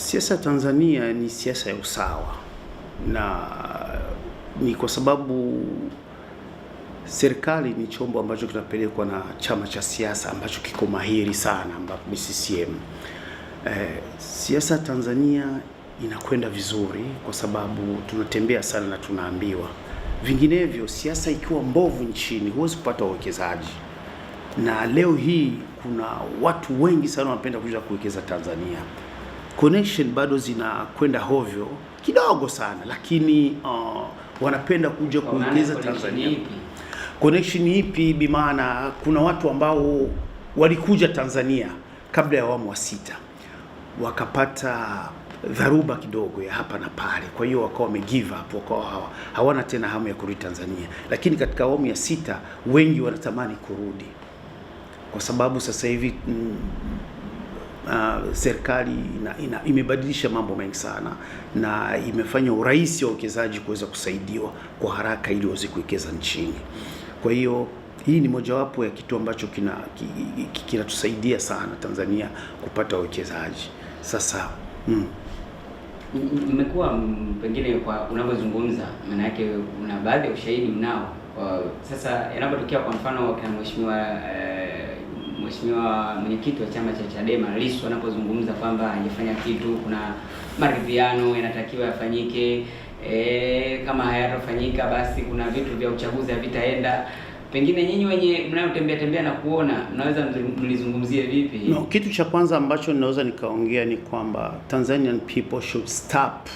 Siasa ya Tanzania ni siasa ya usawa, na ni kwa sababu serikali ni chombo ambacho kinapelekwa na chama cha siasa ambacho kiko mahiri sana, ambapo ni CCM. Eh, siasa ya Tanzania inakwenda vizuri kwa sababu tunatembea sana na tunaambiwa. Vinginevyo, siasa ikiwa mbovu nchini, huwezi kupata uwekezaji, na leo hii kuna watu wengi sana wanapenda kuja kuwekeza Tanzania connection bado zinakwenda hovyo kidogo sana, lakini uh, wanapenda kuja kuongeza Tanzania. Connection ipi? Bi maana kuna watu ambao walikuja Tanzania kabla ya awamu wa sita wakapata dharuba kidogo ya hapa na pale, kwa hiyo wakawa wamegive up, wakawa hawa, hawana tena hamu ya kurudi Tanzania. Lakini katika awamu ya sita wengi wanatamani kurudi kwa sababu sasa hivi mm, uh, serikali ina, ina, imebadilisha mambo mengi sana na imefanya urahisi wa wawekezaji kuweza kusaidiwa kwa haraka ili waweze kuwekeza nchini. Kwa hiyo hii ni mojawapo ya kitu ambacho kinatusaidia kina sana Tanzania kupata wawekezaji sasa mm. Mmekuwa mm, pengine kwa unavyozungumza, maana yake una baadhi ya ushahidi mnao. Sasa yanapotokea kwa mfano kina mheshimiwa eh, Mheshimiwa mwenyekiti wa chama cha Chadema Lissu anapozungumza kwamba hajafanya kitu, kuna maridhiano yanatakiwa yafanyike. E, kama hayatofanyika basi kuna vitu vya uchaguzi havitaenda. Pengine nyinyi wenye mnayotembea tembea na kuona mnaweza mlizungumzie vipi? No, kitu cha kwanza ambacho ninaweza nikaongea ni kwamba Tanzanian people should stop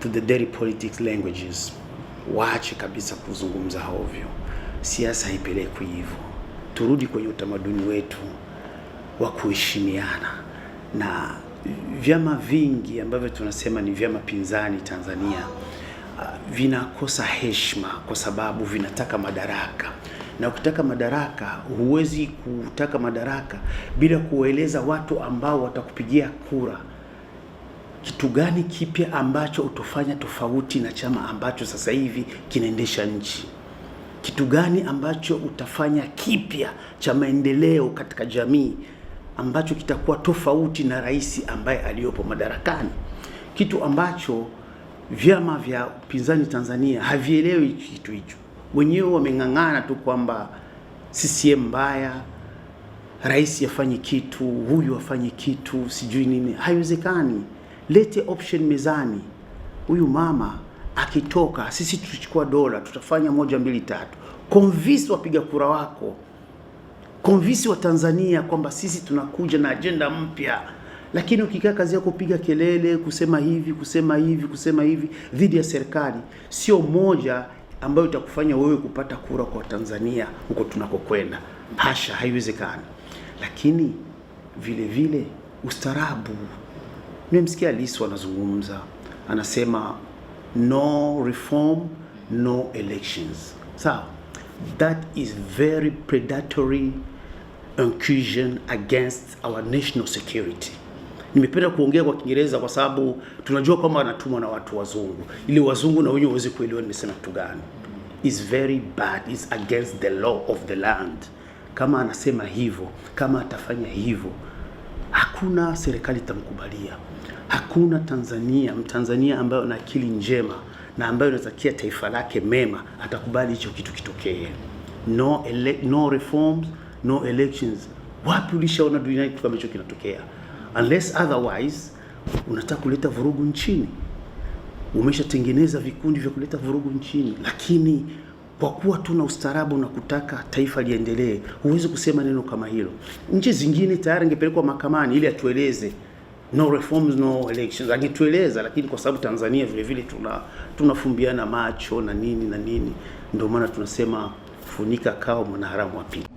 to the dirty politics languages. Waache kabisa kuzungumza hovyo, siasa haipelekwi hivyo turudi kwenye utamaduni wetu wa kuheshimiana na vyama vingi ambavyo tunasema ni vyama pinzani Tanzania uh, vinakosa heshima kwa sababu vinataka madaraka, na ukitaka madaraka huwezi kutaka madaraka bila kuwaeleza watu ambao watakupigia kura kitu gani kipya ambacho utofanya tofauti na chama ambacho sasa hivi kinaendesha nchi kitu gani ambacho utafanya kipya cha maendeleo katika jamii ambacho kitakuwa tofauti na rais ambaye aliyopo madarakani, kitu ambacho vyama vya upinzani Tanzania havielewi kitu hicho. Wenyewe wameng'ang'ana tu kwamba CCM mbaya, rais afanye kitu, huyu afanye kitu, sijui nini. Haiwezekani. Lete option mezani. Huyu mama akitoka, sisi tutachukua dola, tutafanya moja mbili tatu, convince wapiga kura wako, convince wa Tanzania kwamba sisi tunakuja na ajenda mpya. Lakini ukikaa kazi yako kupiga kelele, kusema hivi kusema hivi kusema hivi dhidi ya serikali, sio moja ambayo itakufanya wewe kupata kura kwa Tanzania huko tunakokwenda. Hasha, haiwezekani. Lakini vile vile ustarabu, nimemsikia Lissu anazungumza, anasema no reform, no elections. So that is very predatory incursion against our national security. Nimependa kuongea kwa Kiingereza kwa sababu tunajua kwamba anatumwa na watu wazungu, ili wazungu na wenyewe waweze kuelewa nimesema kitu gani. Is very bad, is against the law of the land. Kama anasema hivyo, kama atafanya hivyo, hakuna serikali itamkubalia. Hakuna Tanzania, Mtanzania ambayo na akili njema na ambayo inatakia taifa lake mema atakubali hicho kitu kitokee. No, ele no reforms, no elections. Wapi ulishaona duniani kitu kama hicho kinatokea? Unless otherwise unataka kuleta vurugu nchini, umeshatengeneza vikundi vya kuleta vurugu nchini. Lakini kwa kuwa tuna ustaarabu na kutaka taifa liendelee, huwezi kusema neno kama hilo. Nchi zingine tayari ingepelekwa mahakamani ili atueleze no reforms no elections akitueleza, lakini kwa sababu Tanzania vile vile tuna tunafumbiana macho na nini na nini, ndio maana tunasema funika kao mwanaharamu wa pili.